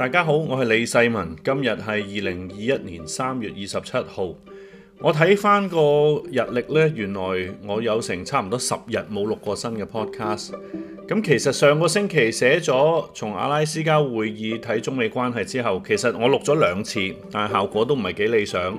大家好，我係李世民。今日係二零二一年三月二十七號。我睇翻個日曆呢，原來我有成差唔多十日冇錄過新嘅 Podcast。咁其實上個星期寫咗從阿拉斯加會議睇中美關係之後，其實我錄咗兩次，但係效果都唔係幾理想。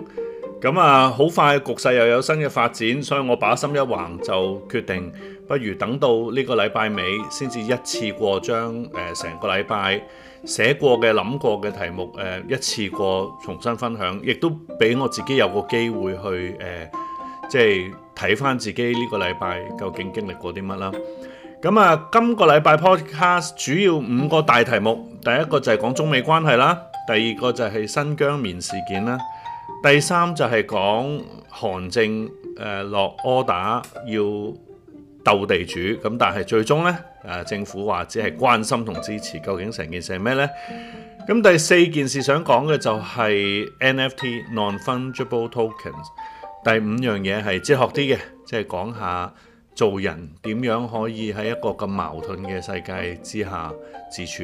咁啊，好快局勢又有新嘅發展，所以我把心一橫就決定，不如等到呢個禮拜尾先至一次過將誒成、呃、個禮拜寫過嘅、諗過嘅題目誒、呃、一次過重新分享，亦都俾我自己有個機會去誒，即係睇翻自己呢個禮拜究竟經歷過啲乜啦。咁啊，今個禮拜 Podcast 主要五個大題目，第一個就係講中美關係啦，第二個就係新疆棉事件啦。第三就係講韓正誒、呃、落 order 要鬥地主，咁但係最終呢誒政府話只係關心同支持，究竟成件事係咩呢？咁第四件事想講嘅就係 NFT non-fungible tokens。第五樣嘢係哲學啲嘅，即係講下做人點樣可以喺一個咁矛盾嘅世界之下自處。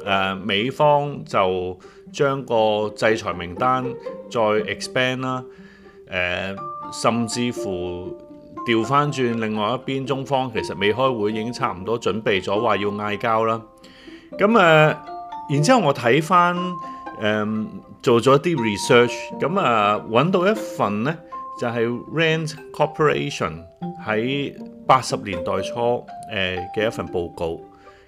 誒、呃、美方就將個制裁名單再 expand 啦，呃，誒甚至乎調翻轉另外一邊，中方其實未開會已經差唔多準備咗話要嗌交啦，咁、嗯、誒、呃、然之後我睇翻誒做咗啲 research，咁、嗯、啊揾、呃、到一份呢就係、是、RAND Corporation 喺八十年代初誒嘅、呃、一份報告。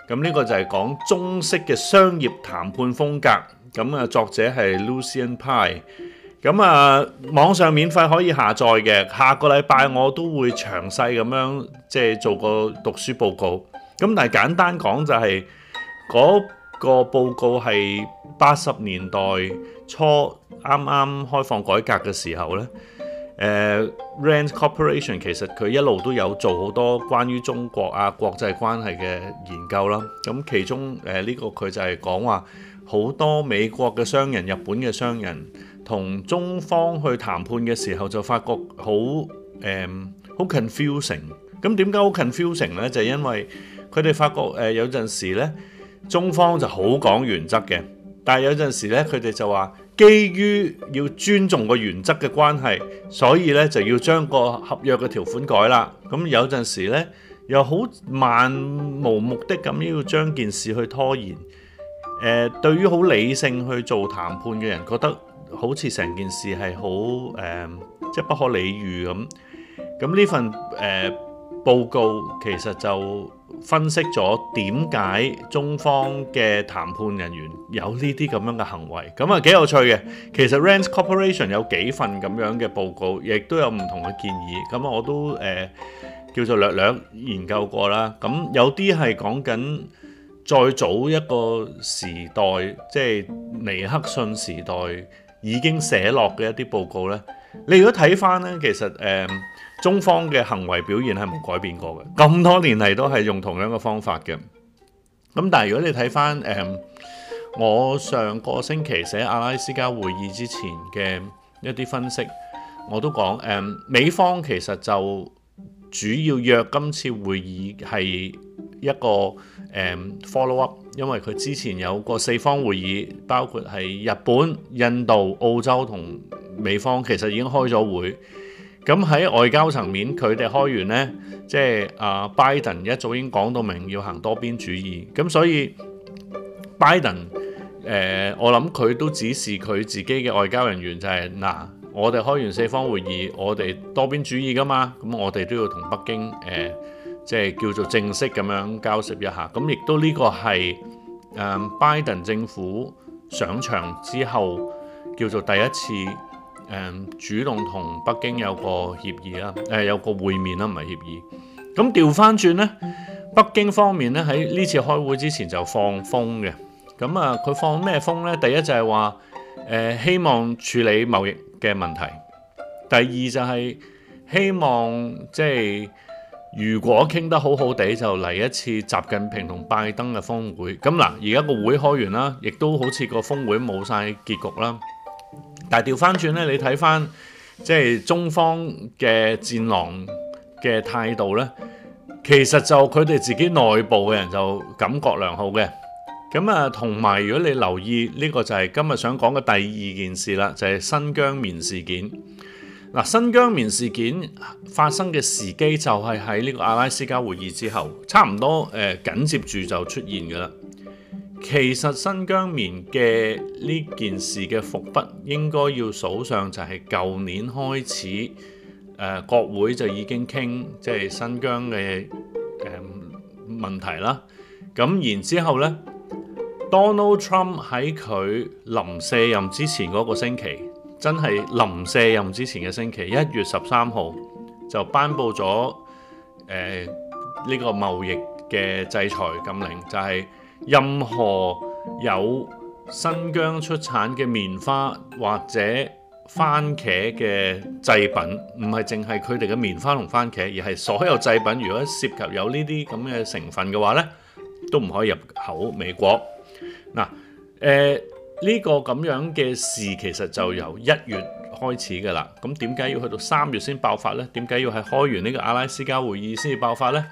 咁呢個就係講中式嘅商業談判風格，咁啊作者係 Lucian Pye，咁啊網上免費可以下載嘅。下個禮拜我都會詳細咁樣即係做個讀書報告。咁但係簡單講就係嗰個報告係八十年代初啱啱開放改革嘅時候呢。誒、uh, Rand Corporation 其實佢一路都有做好多關於中國啊國際關係嘅研究啦，咁、嗯、其中誒呢、呃這個佢就係講話好多美國嘅商人、日本嘅商人同中方去談判嘅時候就發覺好誒好、嗯、confusing，咁點、嗯、解好 confusing 呢？就係、因為佢哋發覺誒、呃、有陣時呢，中方就好講原則嘅，但係有陣時呢，佢哋就話。基於要尊重個原則嘅關係，所以咧就要將個合約嘅條款改啦。咁有陣時呢，又好漫無目的咁要將件事去拖延。誒、呃，對於好理性去做談判嘅人，覺得好似成件事係好誒，即、呃、係、就是、不可理喻咁。咁呢份誒、呃、報告其實就。分析咗點解中方嘅談判人員有呢啲咁樣嘅行為，咁啊幾有趣嘅。其實 RAND Corporation 有幾份咁樣嘅報告，亦都有唔同嘅建議，咁啊我都誒叫做略略研究過啦。咁有啲係講緊再早一個時代，即係尼克遜時代已經寫落嘅一啲報告咧。你如果睇翻咧，其實誒。中方嘅行為表現係冇改變過嘅，咁多年嚟都係用同樣嘅方法嘅。咁、嗯、但係如果你睇返誒，我上個星期寫阿拉斯加會議之前嘅一啲分析，我都講誒、嗯，美方其實就主要約今次會議係一個、嗯、follow up，因為佢之前有個四方會議，包括係日本、印度、澳洲同美方，其實已經開咗會。咁喺外交層面，佢哋開完呢，即係阿拜登一早已經講到明要行多邊主義。咁所以拜登誒，我諗佢都指示佢自己嘅外交人員就係嗱，我哋開完四方會議，我哋多邊主義噶嘛，咁我哋都要同北京誒，即係叫做正式咁樣交涉一下。咁亦都呢個係誒拜登政府上場之後叫做第一次。嗯、主動同北京有個協議啦，誒、呃、有個會面啦，唔係協議。咁調翻轉呢，北京方面呢，喺呢次開會之前就放風嘅。咁啊，佢放咩風呢？第一就係話誒希望處理貿易嘅問題。第二就係希望即係、就是、如果傾得好好地，就嚟一次習近平同拜登嘅峰會。咁嗱、啊，而家個會開完啦，亦都好似個峰會冇晒結局啦。但係調翻轉咧，你睇翻即係中方嘅戰狼嘅態度咧，其實就佢哋自己內部嘅人就感覺良好嘅。咁啊，同埋如果你留意呢個就係今日想講嘅第二件事啦，就係新疆棉事件。嗱，新疆棉事件發生嘅時機就係喺呢個阿拉斯加會議之後，差唔多誒緊接住就出現㗎啦。其實新疆棉嘅呢件事嘅伏筆應該要數上，就係舊年開始，誒、呃、國會就已經傾即係新疆嘅誒、呃、問題啦。咁然之後呢 Donald Trump 喺佢臨卸任之前嗰個星期，真係臨卸任之前嘅星期，一月十三號就頒布咗呢、呃呢個貿易嘅制裁禁令，就係、是。任何有新疆出產嘅棉花或者番茄嘅製品，唔係淨係佢哋嘅棉花同番茄，而係所有製品，如果涉及有呢啲咁嘅成分嘅話呢都唔可以入口美國。嗱，誒呢個咁樣嘅事其實就由一月開始㗎啦。咁點解要去到三月先爆發呢？點解要係開完呢個阿拉斯加會議先至爆發呢？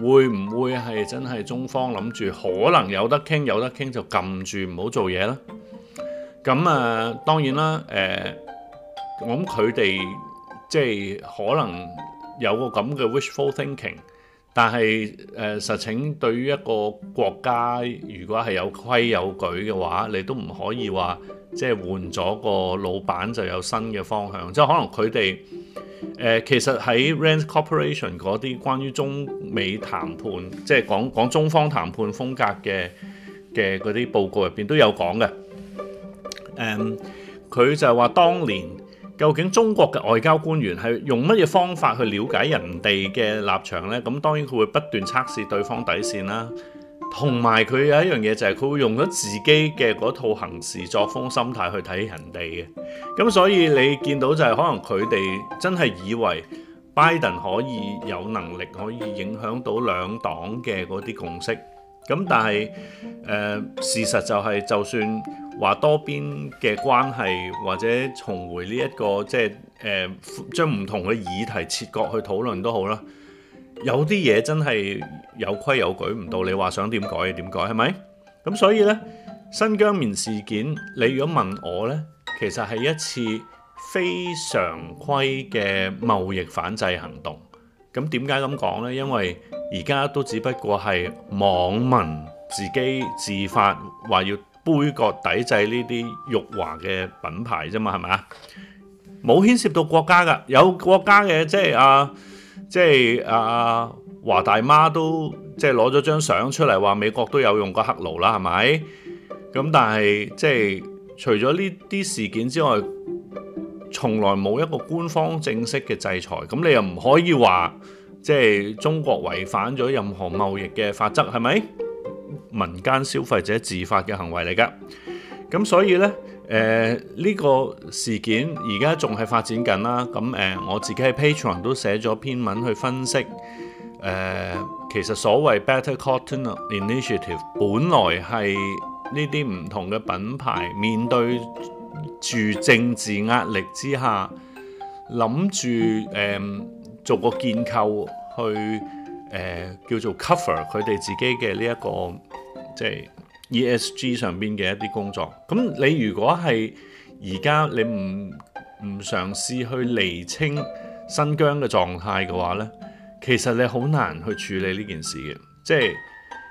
會唔會係真係中方諗住可能有得傾，有得傾就撳住唔好做嘢啦？咁啊、呃，當然啦、呃，我諗佢哋即係可能有個咁嘅 wishful thinking，但係誒、呃、實情對於一個國家，如果係有規有矩嘅話，你都唔可以話即係換咗個老闆就有新嘅方向，即係可能佢哋。誒，其實喺 RAND Corporation 嗰啲關於中美談判，即係講講中方談判風格嘅嘅嗰啲報告入邊都有講嘅。誒、嗯，佢就係話當年究竟中國嘅外交官員係用乜嘢方法去了解人哋嘅立場呢？咁當然佢會不斷測試對方底線啦。同埋佢有一樣嘢就係佢會用咗自己嘅嗰套行事作風、心態去睇人哋嘅，咁所以你見到就係可能佢哋真係以為拜登可以有能力可以影響到兩黨嘅嗰啲共識，咁但係誒、呃、事實就係、是、就算話多邊嘅關係或者重回呢、這、一個即係誒將唔同嘅議題切割去討論都好啦。有啲嘢真係有規有矩，唔到你話想點改就點改，係咪？咁所以呢，新疆棉事件，你如果問我呢，其實係一次非常規嘅貿易反制行動。咁點解咁講呢？因為而家都只不過係網民自己自發話要杯葛抵制呢啲辱華嘅品牌啫嘛，係咪啊？冇牽涉到國家噶，有國家嘅即係啊。呃即係阿、啊、華大媽都即係攞咗張相出嚟話美國都有用過黑奴啦，係咪？咁但係即係除咗呢啲事件之外，從來冇一個官方正式嘅制裁。咁你又唔可以話即係中國違反咗任何貿易嘅法則，係咪？民間消費者自發嘅行為嚟㗎。咁所以呢。誒呢、呃這個事件而家仲係發展緊啦，咁、嗯、誒、呃、我自己喺 Patreon 都寫咗篇文去分析，誒、呃、其實所謂 Better Cotton Initiative 本來係呢啲唔同嘅品牌面對住政治壓力之下，諗住誒做個建構去誒、呃、叫做 cover 佢哋自己嘅呢一個即係。ESG 上邊嘅一啲工作，咁你如果係而家你唔唔嘗試去釐清新疆嘅狀態嘅話呢，其實你好難去處理呢件事嘅，即係誒、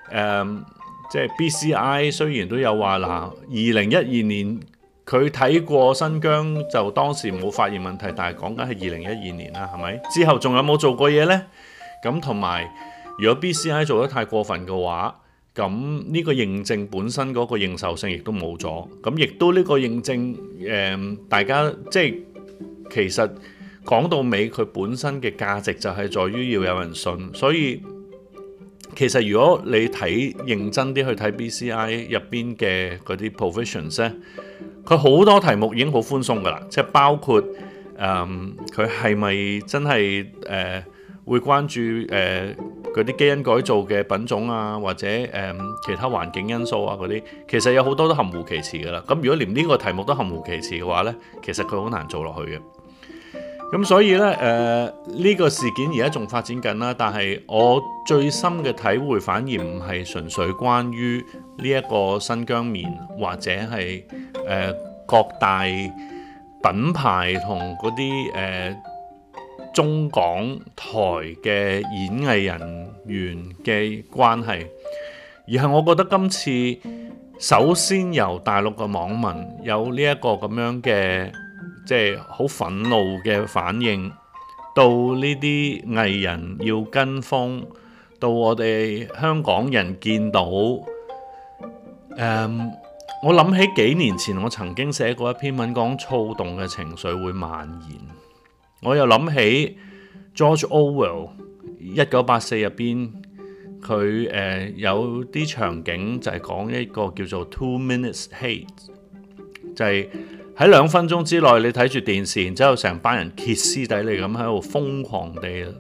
呃，即係 BCI 雖然都有話嗱，二零一二年佢睇過新疆就當時冇發現問題，但係講緊係二零一二年啦，係咪？之後仲有冇做過嘢呢？咁同埋如果 BCI 做得太過分嘅話，咁呢個認證本身嗰個認受性亦都冇咗，咁亦都呢個認證誒、呃，大家即係其實講到尾，佢本身嘅價值就係在於要有人信。所以其實如果你睇認真啲去睇 BCI 入邊嘅嗰啲 provisions 咧，佢好多題目已經好寬鬆噶啦，即係包括誒，佢係咪真係誒？呃會關注誒嗰啲基因改造嘅品種啊，或者誒、呃、其他環境因素啊嗰啲，其實有好多都含糊其辭噶啦。咁如果連呢個題目都含糊其辭嘅話呢，其實佢好難做落去嘅。咁所以呢，誒、呃、呢、呢個事件而家仲發展緊啦，但係我最深嘅體會反而唔係純粹關於呢一個新疆棉或者係誒、呃、各大品牌同嗰啲誒。呃中港台嘅演藝人員嘅關係，而係我覺得今次首先由大陸嘅網民有呢一個咁樣嘅即係好憤怒嘅反應，到呢啲藝人要跟風，到我哋香港人見到，誒、嗯，我諗起幾年前我曾經寫過一篇文講躁動嘅情緒會蔓延。我又諗起 George Orwell《一九八四》入、呃、邊，佢誒有啲場景就係講一個叫做 Two Minutes Hate，就係喺兩分鐘之內，你睇住電視，然之後成班人歇斯底里咁喺度瘋狂地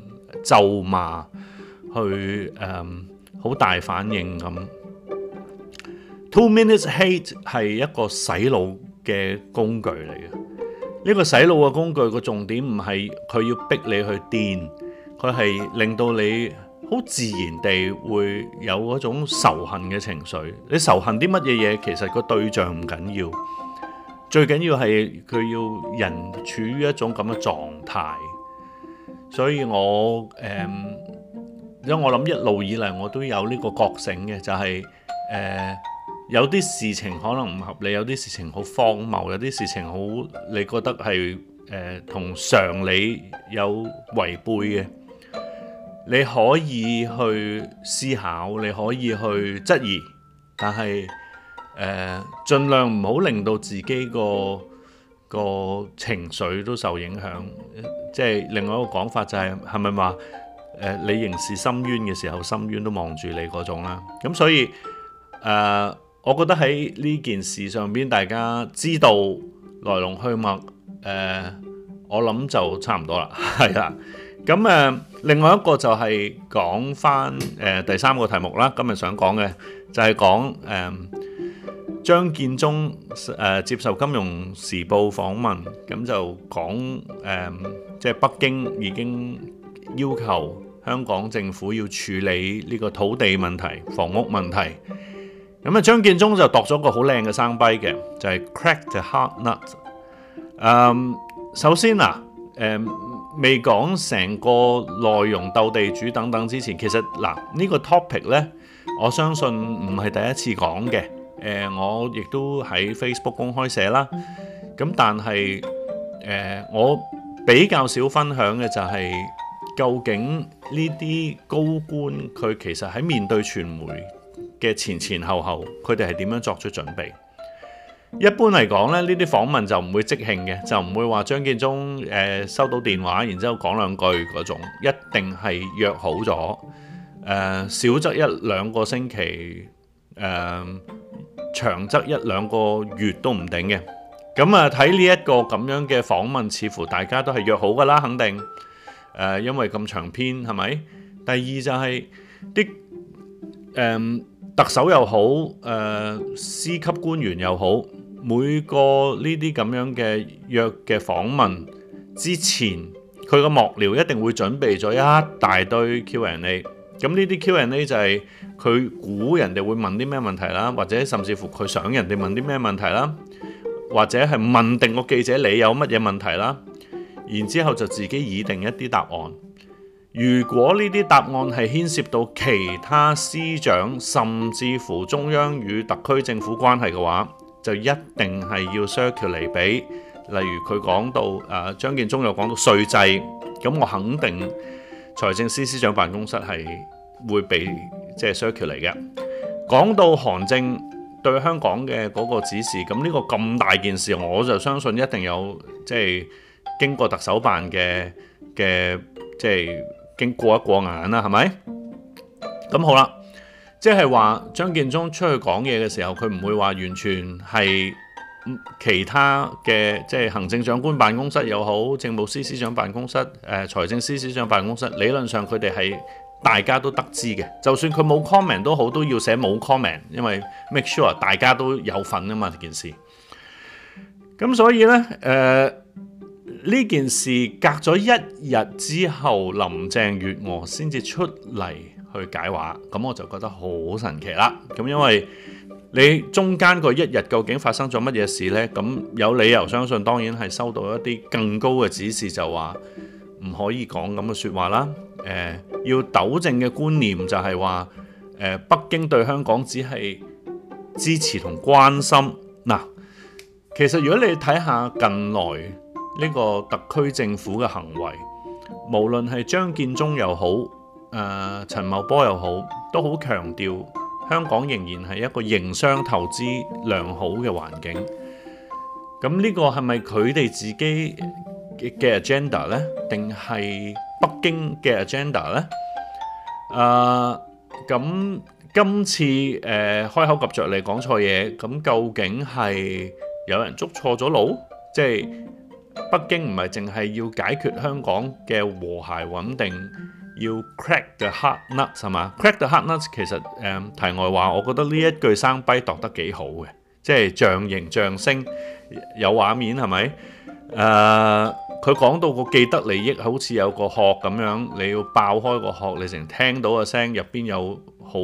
咒罵，去誒好大反應咁。Two Minutes Hate 係一個洗腦嘅工具嚟嘅。呢個洗腦嘅工具，個重點唔係佢要逼你去癲，佢係令到你好自然地會有嗰種仇恨嘅情緒。你仇恨啲乜嘢嘢，其實個對象唔緊要，最緊要係佢要人處於一種咁嘅狀態。所以我誒，因、呃、為我諗一路以嚟我都有呢個覺醒嘅，就係、是、誒。呃有啲事情可能唔合理，有啲事情好荒謬，有啲事情好你覺得係誒、呃、同常理有違背嘅，你可以去思考，你可以去質疑，但係誒、呃、盡量唔好令到自己個個情緒都受影響。即、呃、係、就係、另外一個講法就係係咪話誒你刑事深淵嘅時候，深淵都望住你嗰種啦。咁所以誒。呃我覺得喺呢件事上邊，大家知道來龍去脈，誒，我諗就差唔多啦，係啦。咁誒，另外一個就係講翻誒第三個題目啦。今日想講嘅就係講誒張建宗誒接受《金融時報》訪問，咁就講誒，即係北京已經要求香港政府要處理呢個土地問題、房屋問題。咁啊，張建宗就度咗個好靚嘅 sound bite 嘅，就係、是、crack the hard nut、嗯。首先啊，誒未講成個內容鬥地主等等之前，其實嗱呢、這個 topic 呢，我相信唔係第一次講嘅。誒、呃，我亦都喺 Facebook 公開寫啦。咁、嗯、但係誒、呃，我比較少分享嘅就係、是、究竟呢啲高官佢其實喺面對傳媒嘅前前後後，佢哋係點樣作出準備？一般嚟講咧，呢啲訪問就唔會即興嘅，就唔會話張建宗誒收到電話，然之後講兩句嗰種，一定係約好咗誒，少則一兩個星期，誒長則一兩個月都唔定嘅。咁啊，睇呢一個咁樣嘅訪問，似乎大家都係約好㗎啦，肯定誒，因為咁長篇係咪？第二就係啲誒。特首又好，誒、呃，司級官員又好，每個呢啲咁樣嘅約嘅訪問之前，佢個幕僚一定會準備咗一大堆 Q&A。咁呢啲 Q&A 就係佢估人哋會問啲咩問題啦，或者甚至乎佢想人哋問啲咩問題啦，或者係問定個記者你有乜嘢問題啦，然之後就自己擬定一啲答案。如果呢啲答案係牽涉到其他司長，甚至乎中央與特區政府關係嘅話，就一定係要 search 嚟俾。例如佢講到誒張建宗又講到稅制，咁我肯定財政司司長辦公室係會被即係 search 嚟嘅。講到韓正對香港嘅嗰個指示，咁呢個咁大件事，我就相信一定有即係經過特首辦嘅嘅即係。經過一過眼啦，係咪？咁好啦，即係話張建宗出去講嘢嘅時候，佢唔會話完全係其他嘅，即係行政長官辦公室又好，政務司司長辦公室，誒，財政司司長辦公室，理論上佢哋係大家都得知嘅。就算佢冇 comment 都好，都要寫冇 comment，因為 make sure 大家都有份啊嘛，件事。咁所以呢。誒。呢件事隔咗一日之後，林鄭月娥先至出嚟去解話，咁我就覺得好神奇啦。咁因為你中間嗰一日究竟發生咗乜嘢事呢？咁有理由相信，當然係收到一啲更高嘅指示就，就話唔可以講咁嘅説話啦、呃。要糾正嘅觀念就係話、呃，北京對香港只係支持同關心。嗱，其實如果你睇下近來，呢個特區政府嘅行為，無論係張建宗又好，誒陳茂波又好，都好強調香港仍然係一個營商投資良好嘅環境。咁呢個係咪佢哋自己嘅 agenda 呢？定係北京嘅 agenda 呢？誒，咁今次誒開口夾著你講錯嘢，咁究竟係有人捉錯咗路，即係？北京唔係淨係要解決香港嘅和諧穩定，要 crack the hard nut 係嘛？crack the hard nut，其實誒題外話，我覺得呢一句 soundbite 讀得幾好嘅，即係象形象聲，有畫面係咪？誒，佢講到個既得利益好似有個殼咁樣，你要爆開個殼，你成聽到個聲入邊有好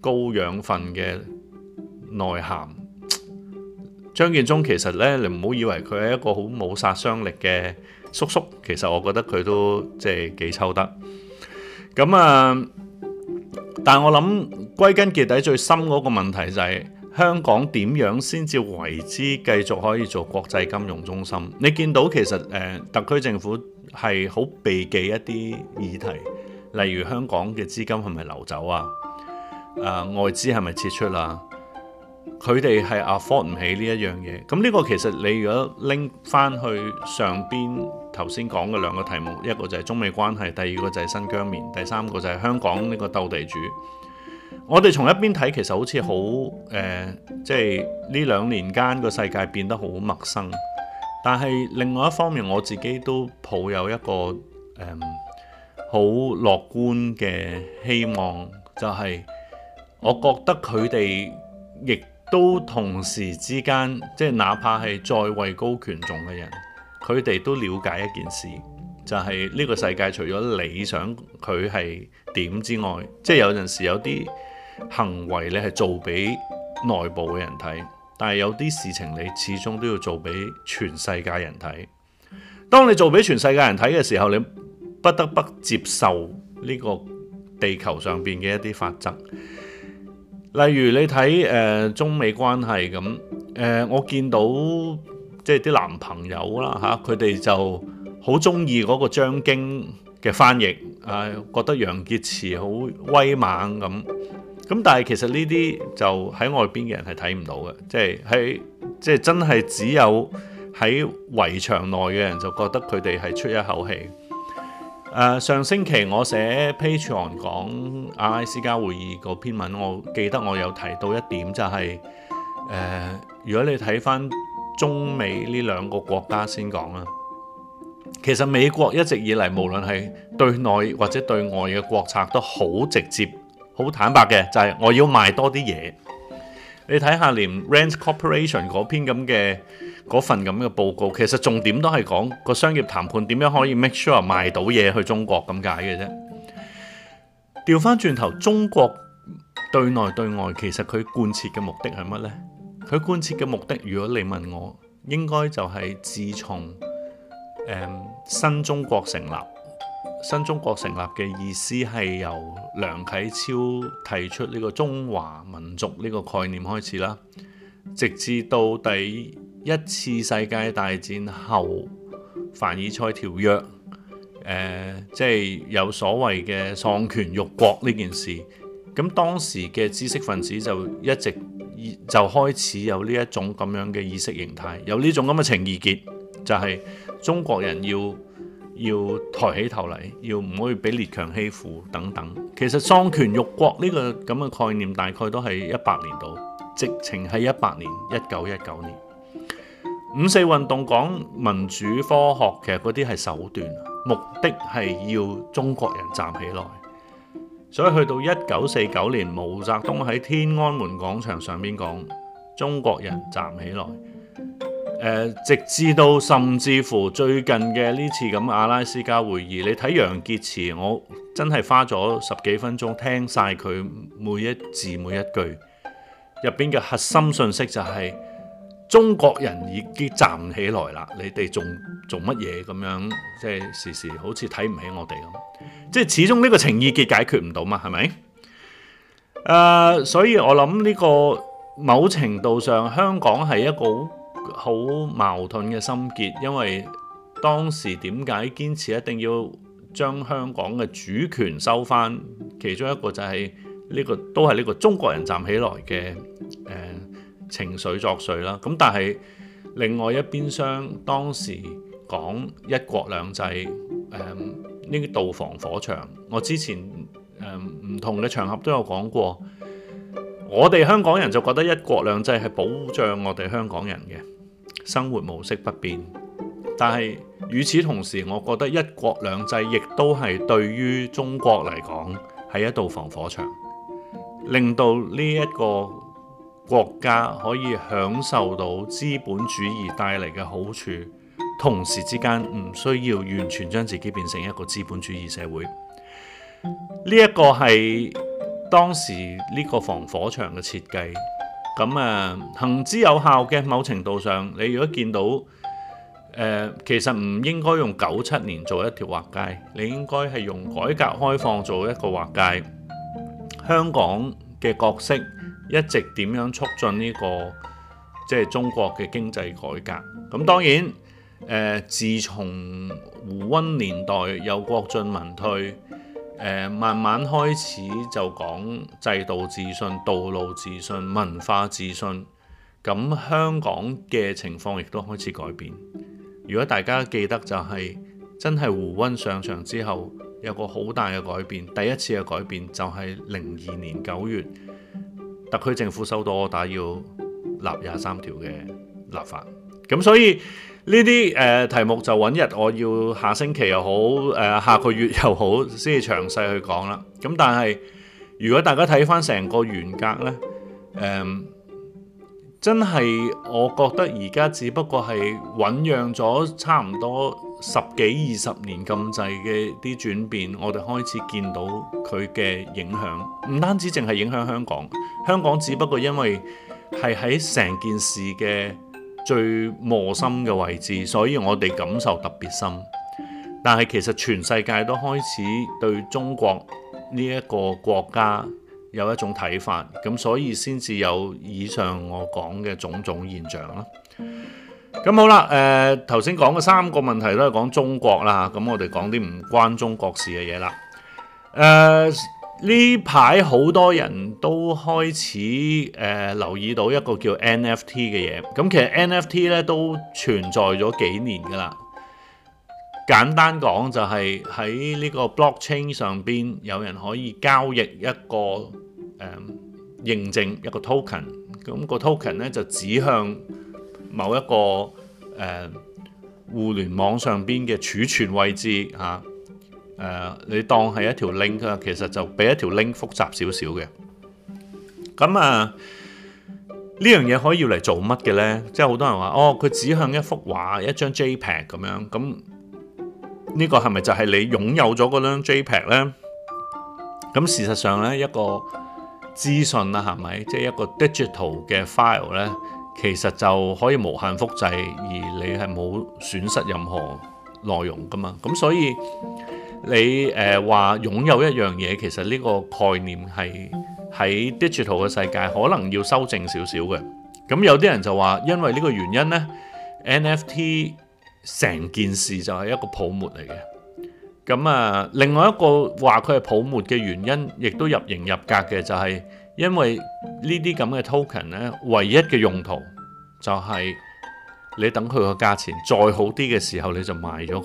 高養分嘅內涵。張建宗其實咧，你唔好以為佢係一個好冇殺傷力嘅叔叔，其實我覺得佢都即係幾抽得。咁啊，但係我諗歸根結底最深嗰個問題就係、是、香港點樣先至為之繼續可以做國際金融中心？你見到其實誒、呃、特區政府係好避忌一啲議題，例如香港嘅資金係咪流走啊？誒、呃、外資係咪撤出啊。佢哋係啊 afford 唔起呢一樣嘢，咁呢個其實你如果拎翻去上邊頭先講嘅兩個題目，一個就係中美關係，第二個就係新疆棉，第三個就係香港呢個鬥地主。我哋從一邊睇，其實好似好誒，即係呢兩年間個世界變得好陌生。但係另外一方面，我自己都抱有一個誒好、嗯、樂觀嘅希望，就係、是、我覺得佢哋亦。都同時之間，即係哪怕係再位高權重嘅人，佢哋都了解一件事，就係呢個世界除咗理想佢係點之外，即係有陣時有啲行為你係做俾內部嘅人睇，但係有啲事情你始終都要做俾全世界人睇。當你做俾全世界人睇嘅時候，你不得不接受呢個地球上邊嘅一啲法則。例如你睇誒、呃、中美關係咁，誒、呃、我見到即係啲男朋友啦嚇，佢、啊、哋就好中意嗰個張京嘅翻譯，啊覺得楊潔篪好威猛咁，咁、啊、但係其實呢啲就喺外邊嘅人係睇唔到嘅，即係喺即係真係只有喺圍牆內嘅人就覺得佢哋係出一口氣。Uh, 上星期我寫 Patreon 講阿拉斯加會議嗰篇文，我記得我有提到一點就係、是呃、如果你睇翻中美呢兩個國家先講啦，其實美國一直以嚟無論係對內或者對外嘅國策都好直接、好坦白嘅，就係、是、我要賣多啲嘢。你睇下連 RAND Corporation 嗰篇咁嘅嗰份咁嘅報告，其實重點都係講個商業談判點樣可以 make sure 賣到嘢去中國咁解嘅啫。調翻轉頭，中國對內對外其實佢貫徹嘅目的係乜呢？佢貫徹嘅目的，如果你問我，應該就係自從、嗯、新中國成立。新中國成立嘅意思，係由梁啟超提出呢個中華民族呢個概念開始啦，直至到第一次世界大戰後凡爾賽條約，誒，即係有所謂嘅喪權辱國呢件事，咁當時嘅知識分子就一直就開始有呢一種咁樣嘅意識形態，有呢種咁嘅情意結，就係中國人要。要抬起頭嚟，要唔可以俾列強欺負等等。其實喪權辱國呢個咁嘅概念，大概都係一百年度，直情係一百年，一九一九年五四運動講民主科學，其實嗰啲係手段，目的係要中國人站起來。所以去到一九四九年，毛澤東喺天安門廣場上邊講：中國人站起來。.誒，直至到甚至乎最近嘅呢次咁阿拉斯加會議，你睇楊潔篪，我真係花咗十幾分鐘聽晒佢每一字每一句入邊嘅核心信息，就是，就係中國人已經站起來啦，你哋仲做乜嘢咁樣，即係時時好似睇唔起我哋咁，即係始終呢個情意結解決唔到嘛，係咪？誒、呃，所以我諗呢個某程度上香港係一個。好矛盾嘅心結，因為當時點解堅持一定要將香港嘅主權收翻？其中一個就係、是、呢、這個都係呢個中國人站起來嘅誒、呃、情緒作祟啦。咁但係另外一邊廂當時講一國兩制誒呢、呃、道防火牆，我之前誒唔、呃、同嘅場合都有講過，我哋香港人就覺得一國兩制係保障我哋香港人嘅。生活模式不變，但係與此同時，我覺得一國兩制亦都係對於中國嚟講，係一道防火牆，令到呢一個國家可以享受到資本主義帶嚟嘅好處，同時之間唔需要完全將自己變成一個資本主義社會。呢一個係當時呢個防火牆嘅設計。咁啊、嗯，行之有效嘅某程度上，你如果見到，誒、呃，其實唔應該用九七年做一條劃界，你應該係用改革開放做一個劃界。香港嘅角色一直點樣促進呢、這個即係、就是、中國嘅經濟改革。咁、嗯、當然，誒、呃、自從胡溫年代有國進民退。慢慢開始就講制度自信、道路自信、文化自信，咁香港嘅情況亦都開始改變。如果大家記得就係、是、真係胡温上場之後有個好大嘅改變，第一次嘅改變就係零二年九月，特區政府收到我打要立廿三條嘅立法，咁所以。呢啲誒題目就揾日我要下星期又好，誒、呃、下個月又好先至詳細去講啦。咁、嗯、但係如果大家睇翻成個原格呢，誒、嗯、真係我覺得而家只不過係醖釀咗差唔多十幾二十年咁滯嘅啲轉變，我哋開始見到佢嘅影響。唔單止淨係影響香港，香港只不過因為係喺成件事嘅。最磨心嘅位置，所以我哋感受特別深。但係其實全世界都開始對中國呢一個國家有一種睇法，咁所以先至有以上我講嘅種種現象啦。咁好啦，誒頭先講嘅三個問題都係講中國啦，咁我哋講啲唔關中國事嘅嘢啦，誒、呃。呢排好多人都開始誒、呃、留意到一個叫 NFT 嘅嘢，咁其實 NFT 咧都存在咗幾年㗎啦。簡單講就係喺呢個 blockchain 上邊，有人可以交易一個誒、呃、認證一個 token，咁個 token 咧就指向某一個誒、呃、互聯網上邊嘅儲存位置嚇。啊誒，uh, 你當係一條 link 㗎，其實就比一條 link 複雜少少嘅。咁啊，呢樣嘢可以要嚟做乜嘅呢？即係好多人話，哦，佢指向一幅畫、一張 JPEG 咁樣。咁呢個係咪就係你擁有咗嗰張 JPEG 呢？咁事實上呢，一個資訊啦，係咪？即係一個 digital 嘅 file 呢，其實就可以無限複製，而你係冇損失任何內容噶嘛。咁所以。你誒話擁有一樣嘢，其實呢個概念係喺 digital 嘅世界，可能要修正少少嘅。咁有啲人就話，因為呢個原因呢，NFT 成件事就係一個泡沫嚟嘅。咁啊，另外一個話佢係泡沫嘅原因，亦都入型入格嘅，就係因為呢啲咁嘅 token 呢，唯一嘅用途就係你等佢個價錢再好啲嘅時候，你就賣咗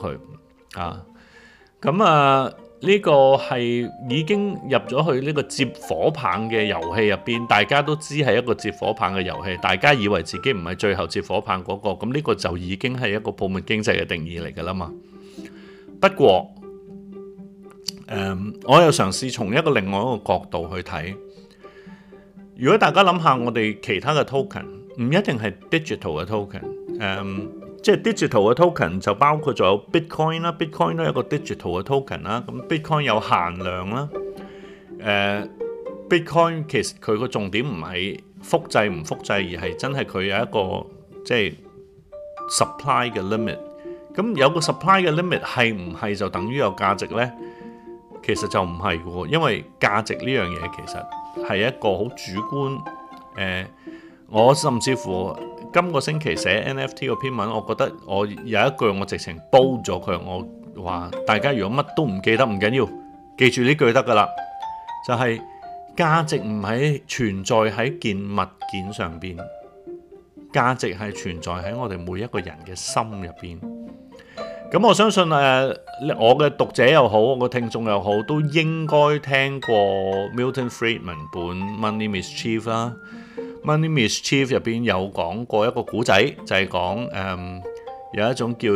佢啊。咁啊，呢個係已經入咗去呢個接火棒嘅遊戲入邊，大家都知係一個接火棒嘅遊戲。大家以為自己唔係最後接火棒嗰個，咁呢個就已經係一個泡沫經濟嘅定義嚟噶啦嘛。不過，嗯，我又嘗試從一個另外一個角度去睇。如果大家諗下我哋其他嘅 token，唔一定係 digital 嘅 token，嗯。即係 digital 嘅 token 就包括咗 bitcoin 啦，bitcoin 都有個 digital 嘅 token 啦。咁 bitcoin 有限量啦。誒、呃，bitcoin 其實佢個重點唔係複製唔複製，而係真係佢有一個即係、就是、supply 嘅 limit。咁有個 supply 嘅 limit 係唔係就等於有價值咧？其實就唔係㗎喎，因為價值呢樣嘢其實係一個好主觀。誒、呃，我甚至乎。今個星期寫 NFT 個篇文，我覺得我有一句我直情煲咗佢，我話，大家如果乜都唔記得唔緊要，記住呢句得噶啦，就係價值唔係存在喺件物件上邊，價值係存在喺我哋每一個人嘅心入邊。咁我相信誒，我嘅讀者又好，我嘅聽眾又好，都應該聽過 Milton Friedman 本《Money Mischief》啦。《Money Mischief》入邊有講過一個古仔，就係講誒有一種叫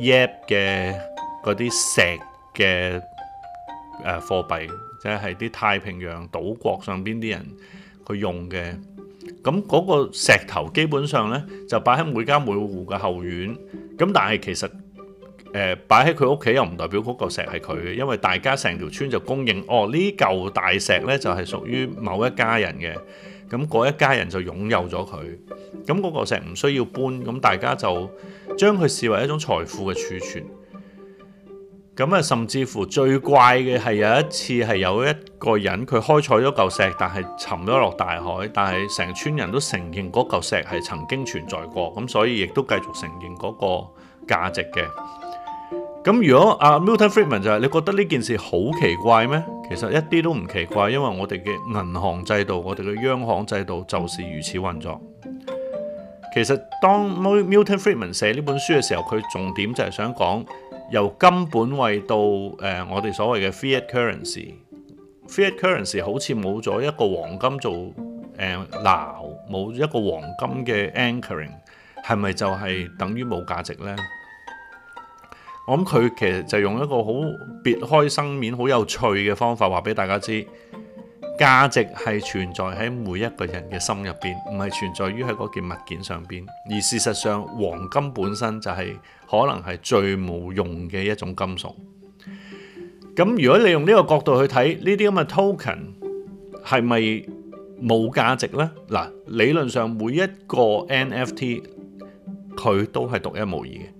Yap 嘅嗰啲石嘅誒貨幣，即係啲太平洋島國上邊啲人佢用嘅。咁嗰個石頭基本上咧就擺喺每家每戶嘅後院。咁但係其實誒擺喺佢屋企又唔代表嗰嚿石係佢嘅，因為大家成條村就公認哦呢嚿大石咧就係屬於某一家人嘅。咁嗰一家人就擁有咗佢，咁嗰個石唔需要搬，咁大家就將佢視為一種財富嘅儲存。咁啊，甚至乎最怪嘅係有一次係有一個人佢開採咗嚿石，但係沉咗落大海，但係成村人都承認嗰嚿石係曾經存在過，咁所以亦都繼續承認嗰個價值嘅。咁如果阿、啊、Milton Friedman 就係、是、你覺得呢件事好奇怪咩？其實一啲都唔奇怪，因為我哋嘅銀行制度、我哋嘅央行制度就是如此運作。其實當 Milton Friedman 寫呢本書嘅時候，佢重點就係想講由金本位到誒、呃、我哋所謂嘅 fiat currency。fiat currency 好似冇咗一個黃金做誒錨，冇、呃、一個黃金嘅 anchoring，係咪就係等於冇價值呢？我諗佢其實就用一個好別開生面、好有趣嘅方法，話俾大家知，價值係存在喺每一個人嘅心入邊，唔係存在於喺嗰件物件上邊。而事實上，黃金本身就係可能係最冇用嘅一種金屬。咁如果你用呢個角度去睇，呢啲咁嘅 token 係咪冇價值呢？嗱，理論上每一個 NFT 佢都係獨一無二嘅。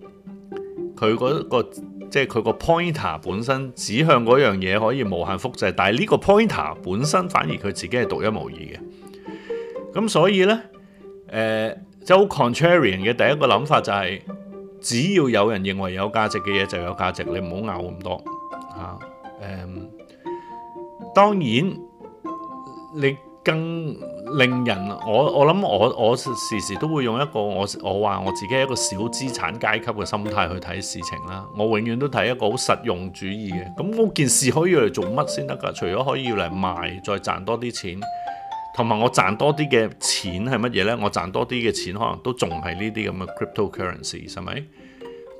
佢嗰個即係佢個 pointer 本身指向嗰樣嘢可以無限複製，但係呢個 pointer 本身反而佢自己係獨一無二嘅。咁所以呢咧，誒、呃，好 contrarian 嘅第一個諗法就係、是，只要有人認為有價值嘅嘢就有價值，你唔好拗咁多吓。誒、啊呃，當然你。更令人我我諗我我時時都會用一個我我話我自己一個小資產階級嘅心態去睇事情啦。我永遠都睇一個好實用主義嘅。咁、嗯、件事可以用嚟做乜先得噶？除咗可以用嚟賣，再賺多啲錢，同埋我賺多啲嘅錢係乜嘢呢？我賺多啲嘅錢可能都仲係呢啲咁嘅 cryptocurrency，係咪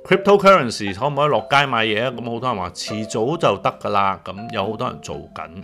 ？cryptocurrency 可唔可以落街買嘢？咁好多人話遲早就得噶啦。咁、嗯、有好多人做緊。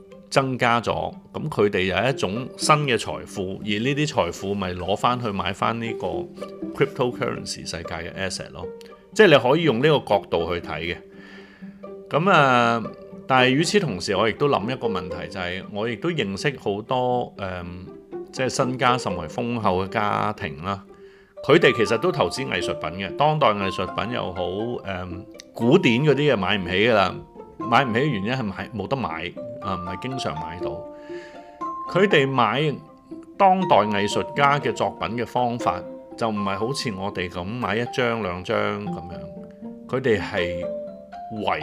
增加咗，咁佢哋有一種新嘅財富，而呢啲財富咪攞翻去買翻呢個 cryptocurrency 世界嘅 asset 咯，即係你可以用呢個角度去睇嘅。咁啊、呃，但係與此同時，我亦都諗一個問題，就是，就係我亦都認識好多誒、呃，即係身家甚為豐厚嘅家庭啦，佢哋其實都投資藝術品嘅，當代藝術品又好，誒、呃、古典嗰啲嘢買唔起㗎啦。買唔起嘅原因係買冇得買啊，唔係經常買到。佢哋買當代藝術家嘅作品嘅方法就唔係好似我哋咁買一張兩張咁樣，佢哋係圍，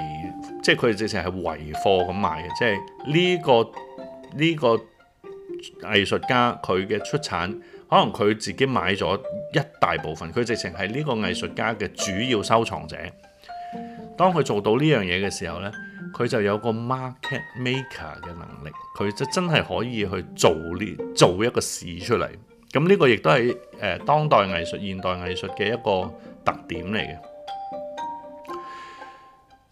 即係佢哋直情係圍貨咁買嘅。即係呢個呢個藝術家佢嘅出產，可能佢自己買咗一大部分，佢直情係呢個藝術家嘅主要收藏者。當佢做到呢樣嘢嘅時候呢，佢就有個 market maker 嘅能力，佢就真係可以去做呢，做一個市出嚟。咁呢個亦都係誒當代藝術、現代藝術嘅一個特點嚟嘅。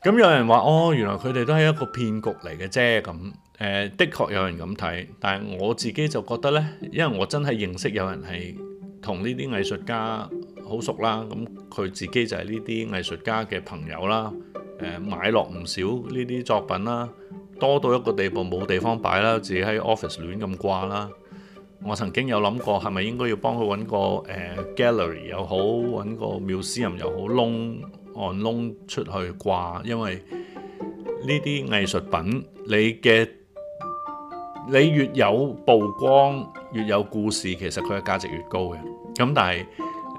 咁有人話：哦，原來佢哋都係一個騙局嚟嘅啫。咁誒、呃，的確有人咁睇，但係我自己就覺得呢，因為我真係認識有人係同呢啲藝術家好熟啦，咁佢自己就係呢啲藝術家嘅朋友啦。誒買落唔少呢啲作品啦，多到一個地步冇地方擺啦，自己喺 office 亂咁掛啦。我曾經有諗過，係咪應該要幫佢揾個、呃、gallery 又好，揾個 museum 又好，loan on loan 出去掛，因為呢啲藝術品你嘅你越有曝光，越有故事，其實佢嘅價值越高嘅。咁但係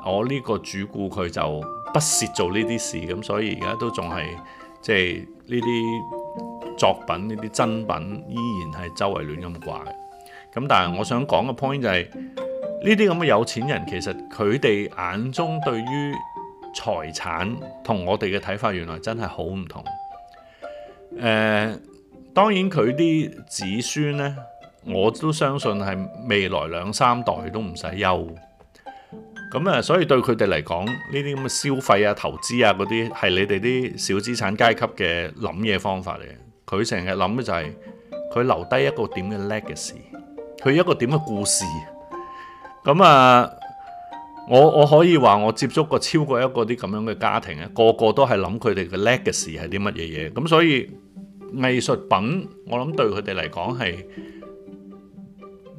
我呢個主顧佢就。不屑做呢啲事，咁所以而家都仲係即係呢啲作品、呢啲真品依然係周圍亂咁掛。咁但係我想講個 point 就係呢啲咁嘅有錢人，其實佢哋眼中對於財產同我哋嘅睇法，原來真係好唔同。誒、呃，當然佢啲子孫呢，我都相信係未來兩三代都唔使憂。咁啊，所以對佢哋嚟講，呢啲咁嘅消費啊、投資啊嗰啲，係你哋啲小資產階級嘅諗嘢方法嚟嘅。佢成日諗嘅就係佢留低一個點嘅 Legacy，佢一個點嘅故事。咁啊，我我可以話我接觸過超過一個啲咁樣嘅家庭咧，個個都係諗佢哋嘅 Legacy 係啲乜嘢嘢。咁所以藝術品，我諗對佢哋嚟講係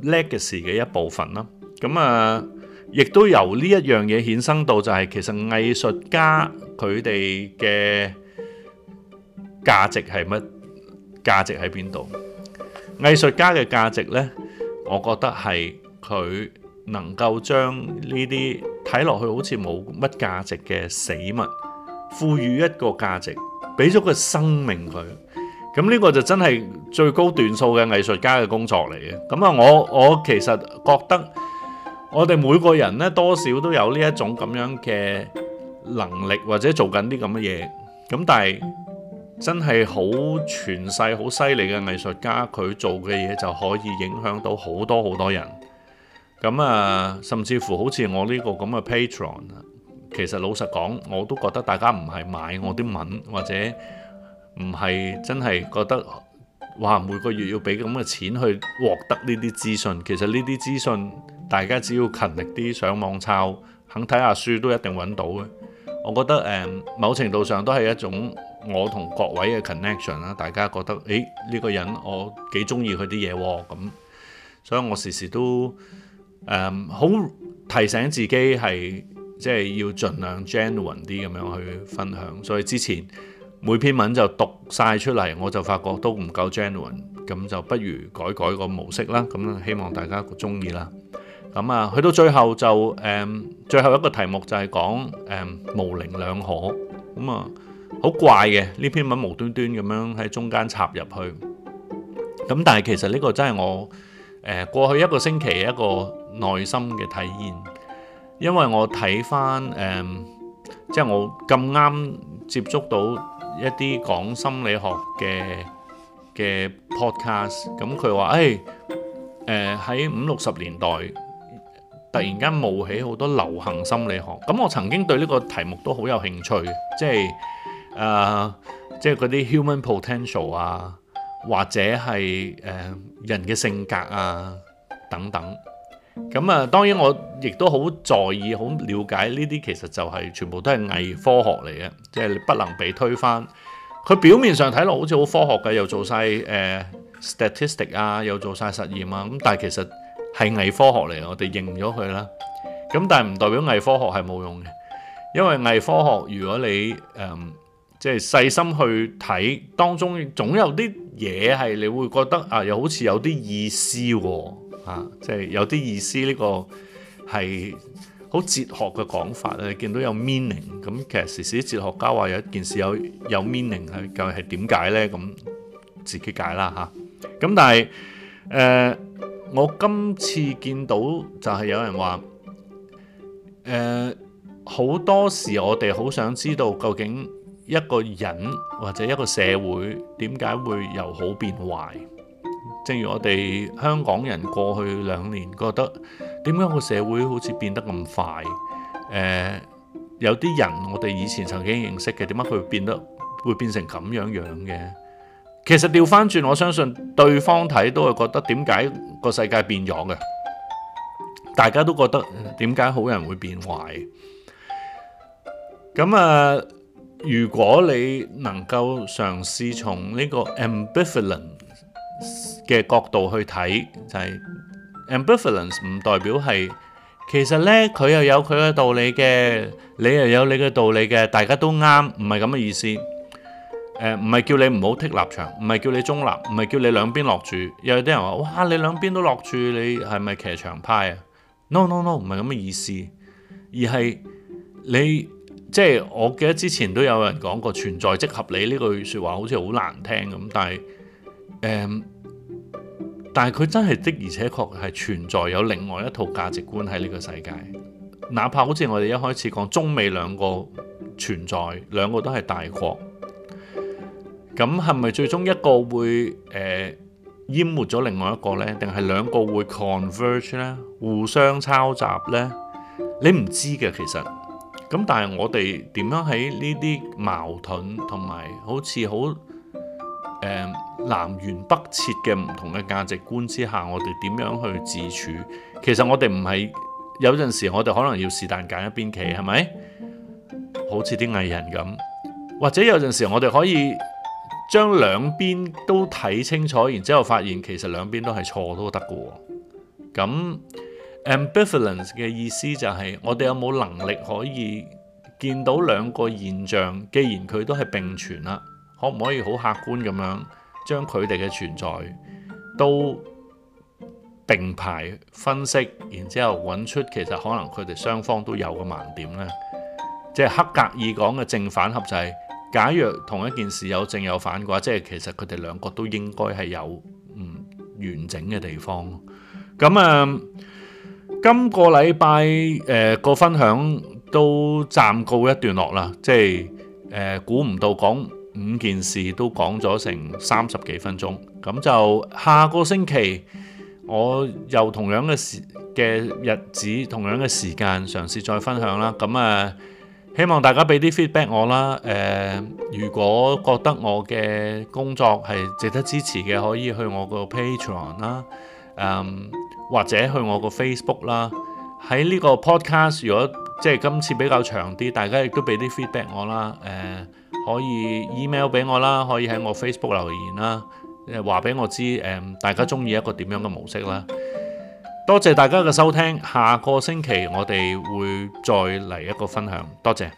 Legacy 嘅一部分啦。咁啊～亦都由呢一樣嘢衍生到，就係其實藝術家佢哋嘅價值係乜？價值喺邊度？藝術家嘅價值呢，我覺得係佢能夠將呢啲睇落去好似冇乜價值嘅死物，賦予一個價值，俾咗個生命佢。咁呢個就真係最高段數嘅藝術家嘅工作嚟嘅。咁啊，我我其實覺得。我哋每個人咧，多少都有呢一種咁樣嘅能力，或者做緊啲咁嘅嘢。咁但係真係好傳世、好犀利嘅藝術家，佢做嘅嘢就可以影響到好多好多人。咁啊，甚至乎好似我呢個咁嘅 patron，其實老實講，我都覺得大家唔係買我啲文，或者唔係真係覺得哇，每個月要俾咁嘅錢去獲得呢啲資訊。其實呢啲資訊。大家只要勤力啲上網抄，肯睇下書都一定揾到嘅。我覺得誒、呃，某程度上都係一種我同各位嘅 connection 啦。大家覺得誒呢、這個人我幾中意佢啲嘢喎，咁所以我時時都誒好、呃、提醒自己係即係要盡量 genuine 啲咁樣去分享。所以之前每篇文就讀晒出嚟，我就發覺都唔夠 genuine，咁就不如改改個模式啦。咁希望大家中意啦。咁啊，去到最後就誒、嗯，最後一個題目就係講誒、嗯、模棱兩可，咁啊好怪嘅呢篇文端無端端咁樣喺中間插入去。咁、嗯、但係其實呢個真係我誒、呃、過去一個星期一個內心嘅體驗，因為我睇翻誒，即、嗯、係、就是、我咁啱接觸到一啲講心理學嘅嘅 podcast，咁、嗯、佢話誒誒喺、哎呃、五六十年代。突然間冒起好多流行心理學，咁我曾經對呢個題目都好有興趣，即係誒、呃，即係嗰啲 human potential 啊，或者係誒、呃、人嘅性格啊等等。咁啊，當然我亦都好在意、好了解呢啲，其實就係、是、全部都係偽科學嚟嘅，即係你不能被推翻。佢表面上睇落好似好科學嘅，又做晒誒、呃、statistic 啊，又做晒實驗啊，咁但係其實。係偽科學嚟，我哋認咗佢啦。咁但係唔代表偽科學係冇用嘅，因為偽科學如果你誒即係細心去睇，當中總有啲嘢係你會覺得啊，又好似有啲意思喎、哦，啊，即係有啲意思呢個係好哲學嘅講法咧。你見到有 meaning，咁其實時時哲學家話有一件事有有 meaning 係，究竟係點解呢？咁自己解啦吓。咁但係誒。呃我今次見到就係有人話，誒、呃、好多時我哋好想知道究竟一個人或者一個社會點解會由好變壞？正如我哋香港人過去兩年覺得點解個社會好似變得咁快？誒、呃、有啲人我哋以前曾經認識嘅，點解佢會變得會變成咁樣樣嘅？其實掉返轉，我相信對方睇都係覺得點解個世界變咗嘅，大家都覺得點解好人會變壞。咁啊，如果你能夠嘗試從呢個 ambivalence 嘅角度去睇，就係、是、ambivalence 唔代表係，其實呢，佢又有佢嘅道理嘅，你又有你嘅道理嘅，大家都啱，唔係咁嘅意思。誒，唔係叫你唔好剔立場，唔係叫你中立，唔係叫你兩邊落住。又有啲人話，哇，你兩邊都落住，你係咪騎牆派啊？No no no，唔係咁嘅意思，而係你即係我記得之前都有人講過存在即合理呢句説話，好似好難聽咁。但係誒、嗯，但係佢真係的而且確係存在有另外一套價值觀喺呢個世界。哪怕好似我哋一開始講中美兩個存在，兩個都係大國。咁係咪最終一個會誒呃，淹沒咗另外一個呢？定係兩個會 converge 呢？互相抄襲呢？你唔知嘅其實，咁但係我哋點樣喺呢啲矛盾、呃、同埋好似好南轅北轍嘅唔同嘅價值觀之下，我哋點樣去自處？其實我哋唔係有陣時，我哋可能要是但揀一邊企，係咪？好似啲藝人咁，或者有陣時我哋可以。將兩邊都睇清楚，然之後發現其實兩邊都係錯都得嘅喎。咁 ambivalence 嘅意思就係我哋有冇能力可以見到兩個現象，既然佢都係並存啦，可唔可以好客觀咁樣將佢哋嘅存在都並排分析，然之後揾出其實可能佢哋雙方都有嘅盲點呢？即係黑格爾講嘅正反合制。假若同一件事有正有反嘅話，即係其實佢哋兩個都應該係有唔完整嘅地方。咁啊、呃，今個禮拜誒個分享都暫告一段落啦。即係誒、呃、估唔到講五件事都講咗成三十幾分鐘。咁就下個星期我又同樣嘅時嘅日子、同樣嘅時間嘗試再分享啦。咁、嗯、啊～、呃希望大家俾啲 feedback 我啦，誒、呃，如果覺得我嘅工作係值得支持嘅，可以去我個 Patreon 啦、呃，誒，或者去我個 Facebook 啦。喺呢個 podcast，如果即係今次比較長啲，大家亦都俾啲 feedback 我啦，誒、呃，可以 email 俾我啦，可以喺我 Facebook 留言啦，話俾我知，誒，大家中意一個點樣嘅模式啦。多謝大家嘅收聽，下個星期我哋會再嚟一個分享，多謝。